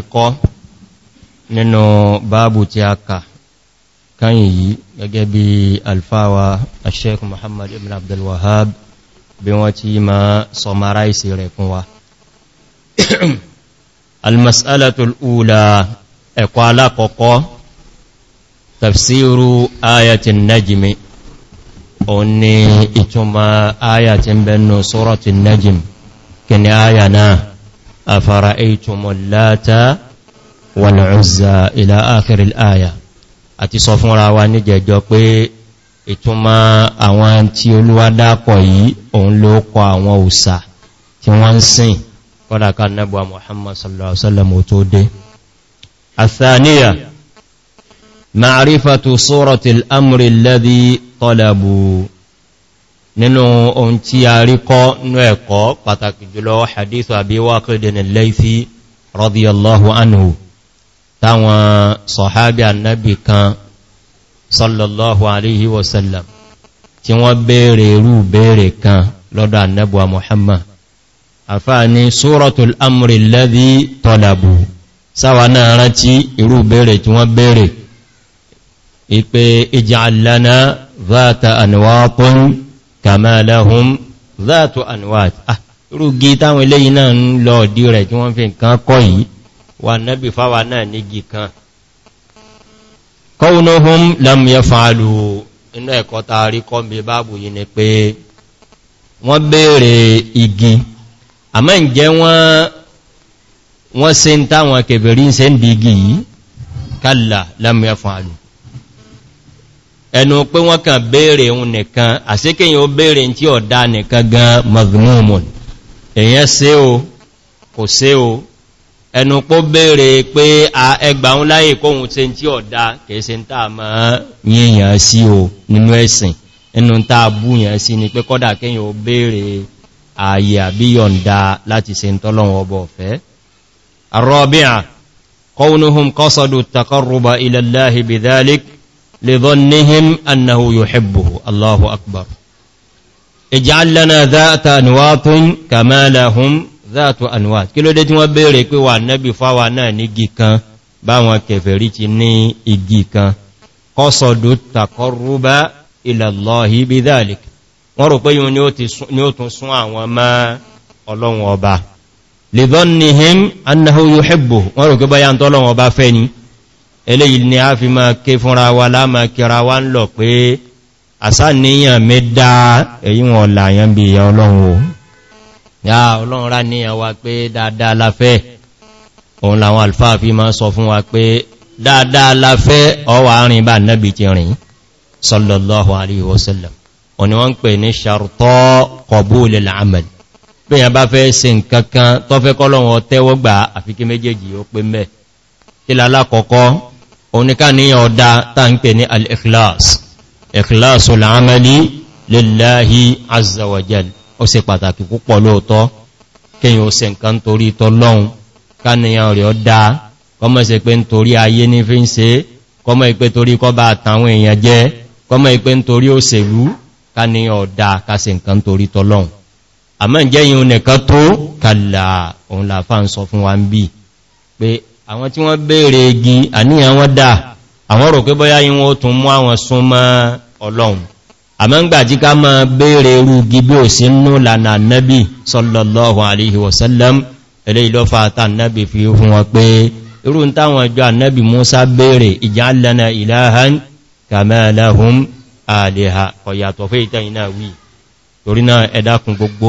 tafriqo nínú báàbù tí a kà káyìn yìí gẹ́gẹ́ bí alfawa asheik muhammad ibn abdulwahab bí wọ́n ti ma sọmaráìsì rẹ̀ fún wa almasalatul ula ẹ̀kọ́ alákọ̀ọ́kọ́ tafsiru ayatin najimi òun ni ìtumọ̀ ayatin bẹnu suratin najim kìnnì náà أفرأيتم اللات والعزى إلى آخر الآية àti sọ fúnra wa ní jẹjọ pé ìtumọ̀ àwọn tí Olúwa dákọ̀ yìí òun ló kọ àwọn òsà tí wọ́n ń sìn kọ́dàká nẹ́bùwa Muhammad sallallahu alaihi wasallam tó dé. àthàníyà ma'rifatu suratil amri alladhi talabu nínú ohun tí a rí kọ́ nú ẹ̀kọ́ pàtàkì jùlọ hadithu Abi Waqidin al-Laythi radiyallahu anhu táwọn sọ̀hábí annabi kan sallallahu alaihi wasallam tí wọ́n béèrè irú béèrè kan lọ́dọ̀ annabuwa Muhammad àfáà ni suratul amri kàmà lahum záàtù anwat ah, rúgí táwọn ilé iná ń lọ ọ̀dí rẹ̀ tí wọ́n fi nǹkan kọ́ yìí wà náàbì fáwà náà nígi kan kọ́wùnáhùn lam yaf'alu inú ẹ̀kọ́ taari kọ́mbe báàbù yìí ni pé wọ́n béèrè igi àmọ́ ǹjẹ́ wọ́n se ń táwọn kèbèrè ń se ń bí igi yìí kalla lam yaf'alu ẹnu pé wọ́n kàn béèrè ohun nìkan àsíkèyàn ó béèrè tí ọda nìkan gan magnumon èyàn sí o kò sí o ẹnu pó béèrè pé a egba ń láyé kóhun tí tí ọ̀dá kèése ń tàà mọ́ yíyàn sí o nínú ẹ̀sìn inú tàà asị sí ni pé kọ́dà kéyàn ó béèrè ààyè àbí láti لظنهم أنه يحبه الله أكبر اجعل لنا ذات أنواط كما لهم ذات أنواط kí ló dé tí wọ́n béèrè pé wà nábì fáwà náà ní igi kan báwọn kèfèrí ti ní igi kan قصدوا التقرب إلى الله بذلك wọ́n rò pé yíò ni ó tún sún àwọn má ọlọ́run ọba لظنهم أنه يحبه wọ́n rò pé báyá ń tọ́lọ́run ọba fẹ́ ni eléyìí ni a fi máa ké fúnra wa láàmà kíra wa ń lọ pé àsá níyàn mé dá èyí wọn làyàn bí ìyà ọlọ́run o ya ọlọ́run rá níyàn wa pé dáadáa láfẹ́ òun làwọn alfáà fi máa sọ fún wa pé dáadáa láfẹ́ ọwà rìn bá nẹ́bì ti rìn sallallahu alaihi wasallam òní wọ́n ń pè ní ṣàrùtọ́ kọbúlẹ̀ làmàl pé yàn bá fẹ́ ṣe nǹkan kan tọ́fẹ́ kọ́lọ́run ọtẹ́wọ́gbà àfikí méjèèjì ó pé oníká ní ọ̀dá tá ń pè ní al-ikhlas ikhlasul amali lillahi azza wa jal ó ṣe pàtàkì púpọ̀ lóòtọ́ kíyàn ó ṣe nǹkan torí tọ́lọ́un káníyàn rẹ̀ ọ̀dá kọmọ̀ ìṣe pé nítorí ayé ní fi ń ṣe kọmọ̀ ìpé torí kọ́ bá àtàwọn èèyàn jẹ́ kọmọ̀ ìpé nítorí òṣèlú káníyàn ọ̀dá ká ṣe nǹkan torí tọ́lọ́un àmọ́ ìjẹ́yìn onìkan tó kàlà òun làfáà ń sọ fún wa ń bí pé àwọn tí wọ́n béèrè igi àníyàn wọ́n dá àwọn rò pé bọ́yá yí wọ́n tún mú àwọn súnmọ́ ọlọ́run àmọ́ ń gbàjí ká máa béèrè irú igi bí ò sí nú lànà nẹ́bì sallallahu alaihi wasallam ilé ìlọ́fà àtà nẹ́bì fi fún wọn pé irú táwọn ẹjọ́ nẹ́bì Musa béèrè ìjálẹ́nà ìlàhán kàmẹ́lẹ́hùn àdìhà ọ̀yàtọ̀ fẹ́ ìtẹ́yìn náà wí torí náà ẹ̀dàkùn gbogbo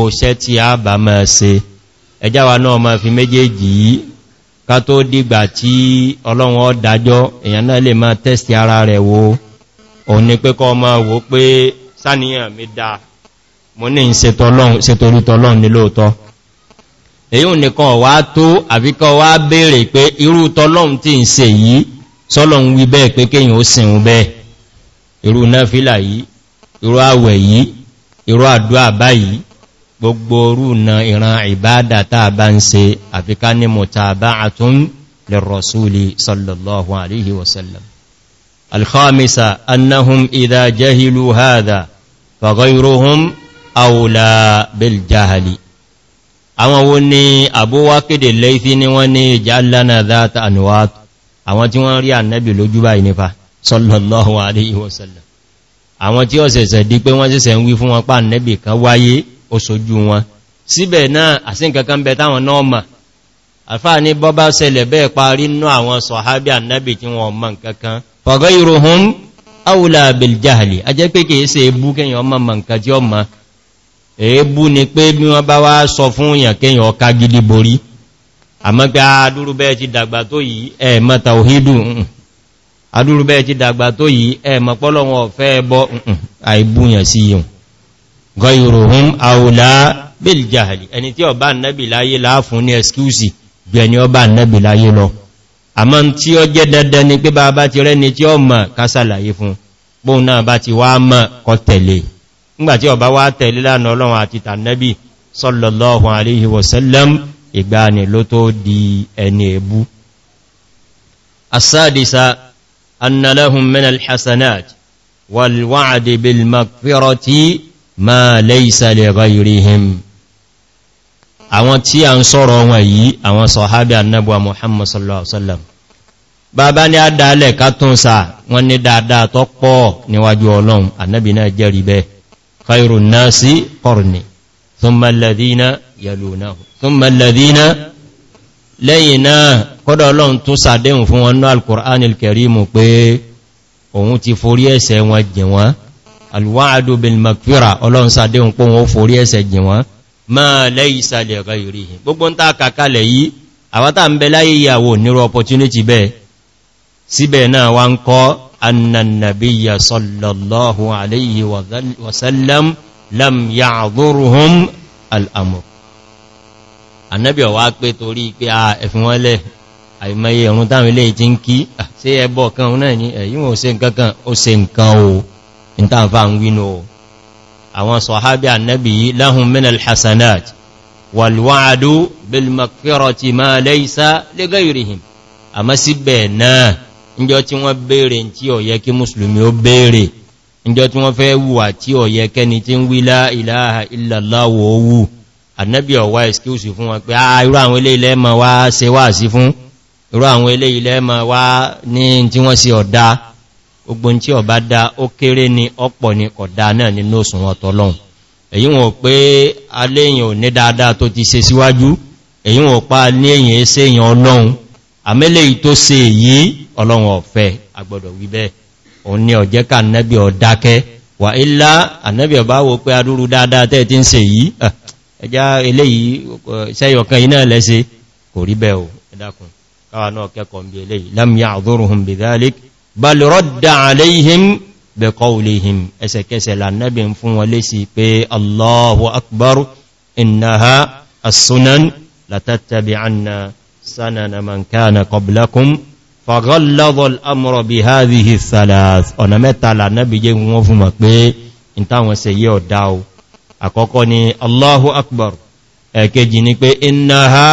fi méjèèjì yìí ká tó dìgbà tí ọlọ́run ó dájọ́ èyàn náà lè máa tẹ́sì ara rẹ̀ wo òun ni pé kọ́ ọmọ wo pé sáníyàn mi dá mo ní ìṣètòlútọ́lọ́run ní lóòtọ́ èyí ò nìkan wá tó àbíkọ́ wá béèrè pé irú tọ́lọ́run tí ń ṣe yìí sọ́lọ́run wí bẹ́ẹ̀ pé kéyàn ó sìnwú bẹ́ẹ̀ irú náfílà yìí irú àwẹ̀ yìí irú àdúà báyìí gbogbo orúna ìran ìbádà táa bá ń se àfiká ní mutaba'atun lirrasuli sallallahu alaihi wasallam alkhamisa annahum idha jahilu hadha faghayruhum awla bil jahali àwọn wo ni àbúwá kéde laifi ni wọ́n ni jallana dhata anwat àwọn tí wọ́n rí annabi lójú báyìí nípa sallallahu alaihi wasallam àwọn tí ó di pé wọ́n ṣẹ̀ṣẹ̀ ń wí fún wọn pa annabi kan wáyé ó sojú wọn síbẹ̀ náà àsínkankan bẹ táwọn náà mà alfáà ní bọ́bá ṣẹlẹ̀ bẹ́ẹ̀ parí nú àwọn sọ̀hábí annabi tí wọn mọ̀ nkankan faghayruhum awla bil jahli a jẹ́ pé kìí ṣe ebú kẹyàn ọmọ gidi borí àmọ́ pé adúrúbẹ́ ti dàgbà tó yìí ẹ̀ mọ̀ tàwídù adúrúbẹ́ ti dàgbà tó yìí àìbúyàn sí yìí gọ́yìrùhún àwòlá bíljahàlì ẹni tí ọba nẹ́bì láyé láàfún ní ẹskúsì bí ẹni ọba nẹ́bì láyé lọ àmọ́ tí ó jẹ́ dandan ni pé bá bá ti rẹ́ni tí ó mọ̀ kásàlàyé fún bóun náà bá ti wá mọ̀ kọ tẹ̀lé nígbàtí ọba wá tẹ̀lé lánà ọlọ́run àti ma laysa li ghayrihim àwọn tí a ń sọ̀rọ̀ wọn yìí àwọn sọ̀hábí annabuwa muhammad sallallahu alaihi wasallam bàbá ní àdálẹ̀ kàtún sà wọ́n ní dáadáa tó pọ̀ níwájú ọlọ́run annabi náà jẹ́rì bẹ́ khairu nasi qarni thumma alladhina yalunahum thumma alladhina lẹ́yìn náà kọ́dọ̀ ọlọ́run tún sàdéhùn fún wọn náà al-Qur'anil karimu pé ti forí ẹ̀ṣẹ̀ wọn jìn wọn alwa'adu bil maghfira ọlọ́run sáadé ń pọ́ wọn ó forí ẹ̀ṣẹ̀ jì wọ́n ma laysa li ghayrihim gbogbo ń ta kàkalẹ̀ yìí àwátà ń bẹ láyé ìyàwó nírò opportunity bẹ́ẹ̀ síbẹ̀ náà wá ń kọ́ annannabiyya sallallahu alayhi wa sallam lam ya'dhurhum al'amur annabi ọwá pé ìtànfà ń wínú àwọn sọ̀hábí annabi yìí lahum min alhassanat walwa'adu bil makfirati ma laysa li ghayrihim àmá síbẹ̀ náà ìjọ tí wọ́n bèèrè tí ó yẹ kí mùsùlùmí ó bèèrè ìjọ tí wọ́n fẹ́ wùwà tí ó yẹ kẹni tí ń wí la ilaha illallah ó wù annabi ọ̀wá excuse gbogbo tí ọ bá dá ó kéré ní ọ̀pọ̀ ní kọ̀dá náà nínú òsùn ọ̀tọ̀lọ́un èyí wọn pé aléyìn ò ní dáadáa tó ti ṣe síwájú èyí wọn pa ní èyìn ẹsẹ́ èyàn ọlọ́run àmẹ́lẹ̀ yìí tó ṣe èyí ọlọ́run ọ̀fẹ́ agbọ́dọ̀ wíbẹ̀ òun ni ọ̀jẹ́ ká nẹ́bí ọ̀dákẹ́ wà ilá ànẹ́bí ọ̀bá wo pé adúrú dáadáa tẹ́ ti balirọ́dà aléhìm bẹ̀kọ́ulihìm ẹsẹ̀kẹsẹ̀ lànàbí fún wọlé sí pé allahu akbar innaha as-sunan latattabi anna sanana man kana qablakum faghalladha al-amru bi hadhihi thalath ọ̀nà mẹ́ta lànàbí jẹ́ wọ́n fún mọ̀ pé in táwọn ṣe yẹ́ ọ̀dá o àkọ́kọ́ ni allahu akbar ẹ̀kejì ni pé innaha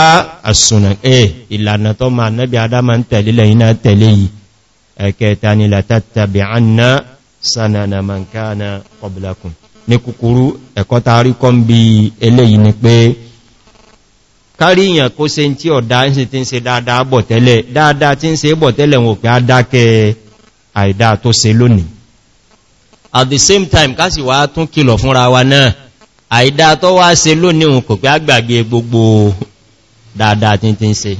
as-sunan eh ìlànà tó ma nabi adama ń tẹ̀lé lẹ́yìn náà tẹ̀lé yìí ẹ̀kẹta ni látàtàbí àná sánàna mankana qablakum ní kúkúrú ẹ̀kọ́ tarí kọ́ bí eléyìí ni pé kárí ìyàn kó se tí ọ̀dá ń se tí ń se dáadáa bọ̀ tẹ́lẹ̀ dáadáa tí ń se bọ̀ tẹ́lẹ̀ wọn pé á àìdá tó se lónìí at the same time ká sì wá tún kìlọ̀ àìdá tó wá se lónìí òun kò pé á gbogbo dáadáa tí ń se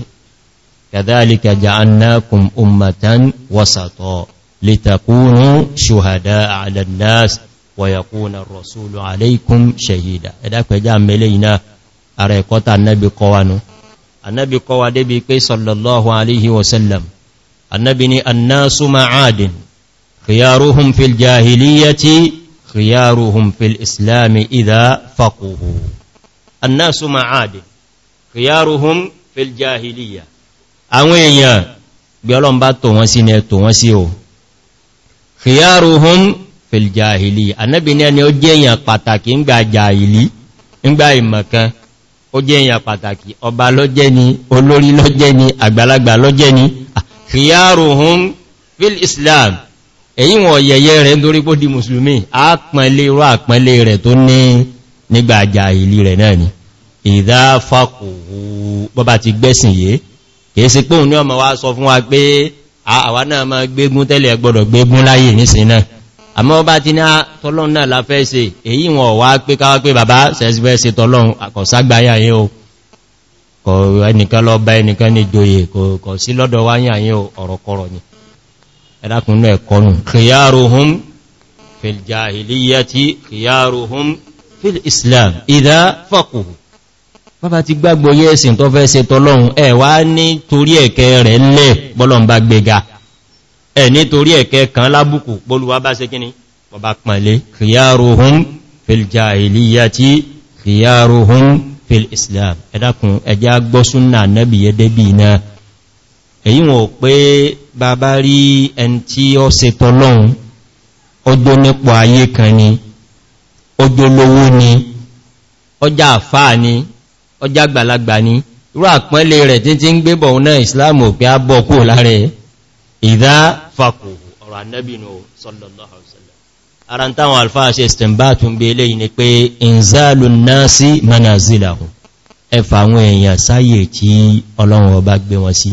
كذلك جعلناكم أمة وسطا لتكونوا شهداء على الناس ويكون الرسول عليكم شهيدا إذاك جعلنا ملينا أريقات النبي قوانو النبي قوانو بكي صلى الله عليه وسلم النبي الناس معاد خيارهم في الجاهلية خيارهم في الإسلام إذا فقهوا الناس معاد خيارهم في الجاهلية àwọn èèyàn bí ọlọ́run bá tò wọ́n sí ni ẹ wọ́n sí o khiyaruhum fil jahili anábi ní ẹni ó jẹ́ èèyàn pàtàkì ńgbà jahili ńgbà ìmọ̀kan ó jẹ́ èèyàn pàtàkì ọba lọ́jẹ́ ni olórí lọ́jẹ́ ni àgbàlagbà lọ́jẹ́ ni khiyaruhum fil islam èyí wọn yẹ̀yẹ́ rẹ̀ lórí pó di musulmi àpẹẹlẹ̀ jahili rẹ̀ náà ni ìdáfàkòó bọ́bá ti gbẹ́sìn kìí sí pé òun ní ọmọ wa sọ fún wa pé àwa náà ma gbégún tẹ́lẹ̀ gbọ́dọ̀ gbégún láyé nísìn náà àmọ́ bá ti ní tọ́lọ́n náà láfẹ́ ṣe èyí wọn wá pé káwà pé bàbá sẹ́sìfẹ́ ṣe tọ́lọ́n àkọ̀ságbáyà fil islam idha faquhu bàbá ti gbàgbọ́ yẹ́ ẹ̀sìn tó fẹ́ ṣe tọ́lọ́run ẹ̀ wá ní torí ẹ̀kẹ́ rẹ̀ lẹ̀ bọ́lọ̀n bá gbéga ẹ̀ ní torí ẹ̀kẹ́ kan lábùkù bólúwá bá ṣe kíní bàbá pàlẹ̀ khiyaruhum fil jahiliyati khiyaruhum fil islam ọjọ́ àfáà ni ọjá gbàlagbà ní irú àpọ́nlé rẹ̀ tí tí ń gbébọ̀ náà ìsìláàmù pé á bọ́ kú láre ìdá fàkù ọ̀rọ̀ annabinu sallallahu alaihi wasallam ara ń táwọn alfáà ṣe stembatu ń bí ilé yìí ni pé inzalu nasi manazilahu ẹfà àwọn èèyàn sáyè tí ọlọ́run ọba gbé wọn sí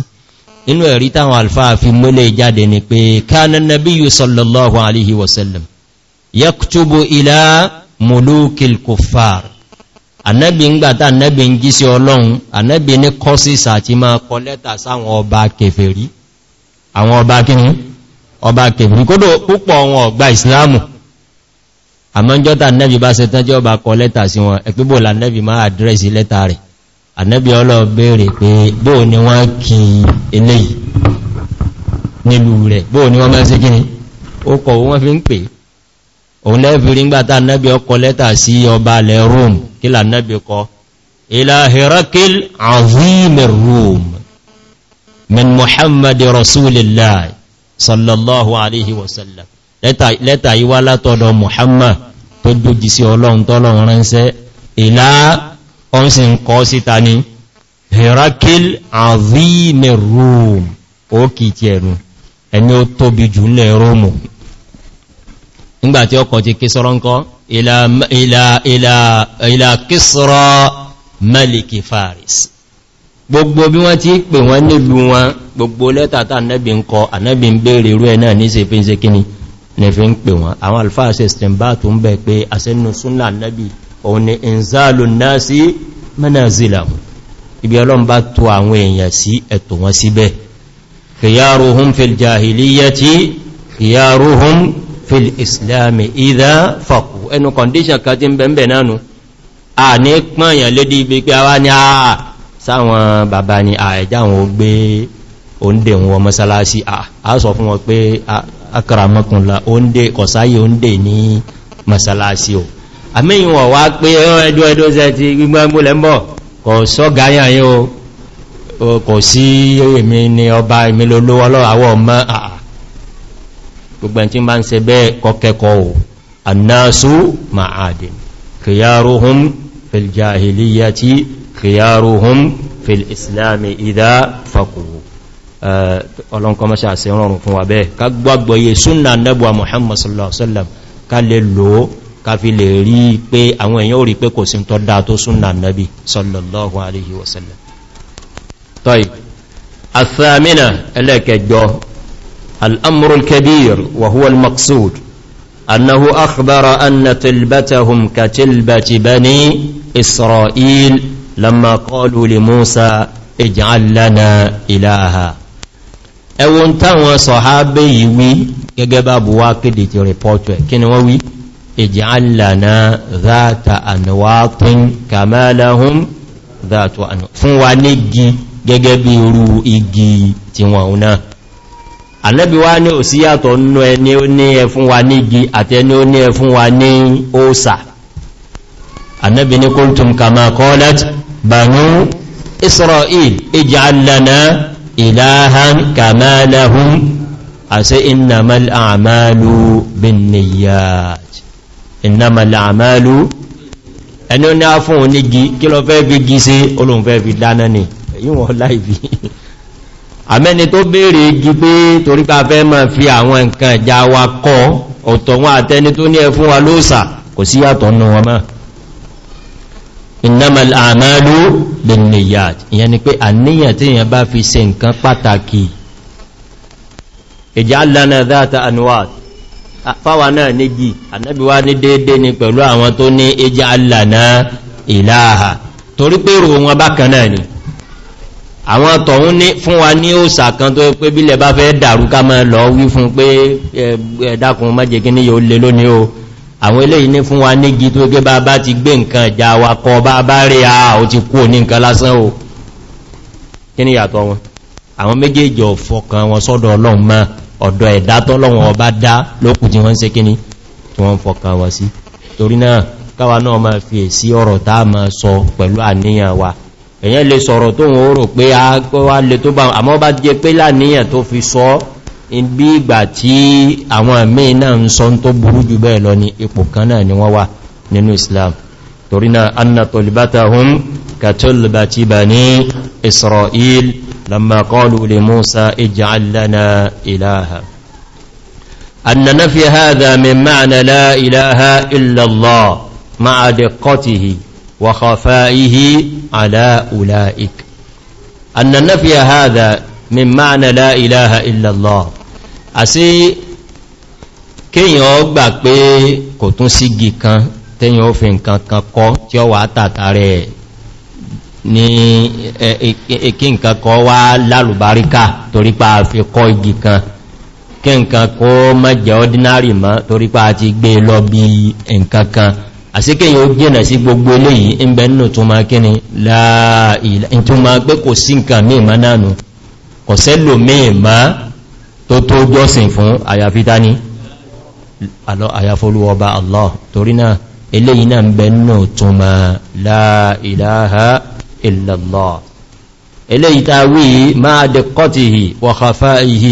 inú ẹ̀rí táwọn alfáà fi múlẹ̀ jáde ni pé kánà nabíyù sallallahu alaihi wasallam yaktubu ila mulukil kuffar ànẹ́bì ń gbàtà ànẹ́bì ń jí sí ọlọ́run ànẹ́bì ní kọ́sìsà ti máa kọ lẹ́tà sáwọn ọba kèfèrí àwọn ọba kíní ọba kèfèrí kódò púpọ̀ wọn ọgbà ìsìláàmù àmọ́jọ́ta ànẹ́bì bá setán jẹ́ ọba kọ lẹ́tà sí wọn ẹ̀píbò lànẹ́bì máa àdírẹ́sì lẹ́tà rẹ̀ ni wọ́n kí ni wọ́n mẹ́ sí kíní ó kọ̀ wọ́n fi ń pè òun lẹ́fìrí ọba alẹ́ kí là nẹ́bí kọ ilá herakil azimir rum min muhammad rasulillah sallallahu alaihi wasallam lẹ́ta yíwá látọ̀dọ̀ muhammad tó dójí sí ọlọ́run tọ́lọ́run ránṣẹ́ ilá ọ́nsìn kọ́ síta ni herakil azimir rum ó kìí ti ẹ̀rùn ẹni ó tóbi jù lẹ́ rómù nígbàtí ọkọ̀ ti kí sọ́rọ́nkọ́ ìlà kìsọ́rọ̀ mẹ́lìkì faris gbogbo bí wọ́n ti pè wọ́n nílùú wọn gbogbo lẹ́tà tà nẹ́bí ń kọ ànẹ́bí ń bèèrè irú ẹ̀ náà ní ṣe fi ń ṣe kíni ní fi ń pè wọ́n àwọn alfáà ṣe stemba tó ń bẹ̀ pé àṣẹ́nu súnlá nẹ́bí òun ni ìnzálù náà sí mẹ́nàzílàmù ibi ọlọ́mbá tó àwọn èèyàn sí ẹ̀tọ̀ wọn síbẹ̀ khiyaruhum fil jahiliyyati khiyaruhum fil islami idha faqu ẹnu condition kan tí ń bẹ̀m̀bẹ̀ náà nù a ní pọ̀nyàn lédí ibi pé a wá ní àà sáwọn bàbá ni àẹjá wọn gbé oúnjẹ wọn mọ́sálásí a sọ fún wọn pé akàràmọ́kùnlá oúnjẹ kọ̀sáyé oúnjẹ ní mọ́sálásí o àmìyàn wọ̀ wá pé ẹjọ́ ẹjọ́ ṣe ti gbígbàgbó lẹ́mbọ̀ kọ̀ sọ́gáyà yóò kò sí èmi ni ọba èmi gbogbo ẹ̀ tí ma ń se bẹ́ẹ̀ kọkẹ́kọ́ annasu ma'adin khiyaruhum fil jahiliyyati khiyaruhum fil islami idha faquhu ọlọ́nkọ́ mọ́ṣà sí rọrùn fún wa bẹ́ẹ̀ ká gbọ́gbọ́ye súnà nẹ́bùwa muhammad sallallahu alaihi wasallam ká lè lò ó ká fi lè rí pé àwọn èèyàn ò rí pé kò sí tọ́ dáa tó súnà nẹ́bì sallallahu alaihi wasallam tọ́ì athamina ẹlẹ́kẹjọ al'amurul kabir wa huwa أنه أخبر أن تلبتهم كتلبة بني إسرائيل لما قالوا لموسى اجعل لنا إلها ẹwọ́n táwọn sọ̀hábé yìí wí gẹ́gẹ́ bá bú wá kéde ti rìpọ́tù ẹ̀ kí ni wọ́n wí اجعل لنا ذات أنواط كما لهم ذات أنواط fún wa ní gẹ́gẹ́ bí irú igi tí wọ́n náà ànẹ́bí wá ní òsí yàtọ̀ nínú ẹni ó ní ẹfún wa ní igi àti ẹni ó ní ẹfún wa ní òsà ànẹ́bí ní kúntùm kàmà kọ́lẹ̀t bànú israel ìjàlànà ìlàhàn kàmà lahun àṣẹ innamal àmàlù ẹni ó ní afún onígi àmẹ́ni tó béèrè igi pé torípa fẹ́ máa fi àwọn nǹkan ìjà wa kọ́ ọ̀tọ̀ wọn àtẹni tó ní ẹfún wa lóòsà kò sí yàtọ̀ nù wọn máa innamal a'malu binniyat ìyẹn ni pé àníyàn tí èyàn bá fi ṣe nǹkan ni pẹ̀lú àwọn ilaha torí pé rò wọn bákan náà ni àwọn tọ̀hún ní fún wa ní òsà kan tó pé bílẹ̀ bá fẹ́ dàrú ká mọ́ lọ wí fún pé ẹ̀dàkùn mọ́jẹ kí ní yóò lè lónìí o àwọn eléyìí ní fún wa nígi tó gẹ́ bá bá ti gbé nǹkan ìjà wa kọ bá bá rí a ò ti kú ní nǹkan lásán o kí ní yàtọ̀ wọn àwọn méjèèjì ọ̀fọ̀kan wọn sọ́dọ̀ ọlọ́run mọ́ ọ̀dọ̀ ẹ̀dá tọ́lọ́run ọba dá lókù tí wọ́n ń se kíní tí wọ́n èyàn lè sọ̀rọ̀ tó wọ́n rò pé a kọ́ wá lè tó bá àmọ́ bá jẹ pé láníyàn tó fi sọ bí ìgbà tí àwọn àmì náà ń sọ tó burú jù bẹ́ẹ̀ lọ ní ipò kan náà ni wọ́n wà nínú Islam torí náà anna tolibatahum katolibati bani Israel lamma qalu Musa ij'al ilaha anna nafi hadha min ma'na la ilaha illa Allah wa khafa'ihi على أولئك أن النفي هذا من معنى لا إله إلا الله أسي كي gbà pé kò tún sígi kan tẹ́yàn ó fi nǹkan kan kọ́ tí ó wà tàtàrẹ ní kí nǹkan kọ́ wá lálùbáríkà torípa fi kọ́ igi kan kí nǹkan kó mẹ́jẹ̀ ordinary mọ́ torípa ti gbé lọ bí nǹkan kan àsíkẹ́yìn ó jẹ́nà sí gbogbo eléyìí ń bẹ nínú tó máa kíni láàílá tó máa pé kò sí nǹkan mí ma nánú kò sẹ́lò mẹ́ẹ̀má tó tó jọ́sìn fún àyàfítání àyàfolúwọba allah torí náà eléyìí náà ń bẹ nínú tó máa láàílá illallah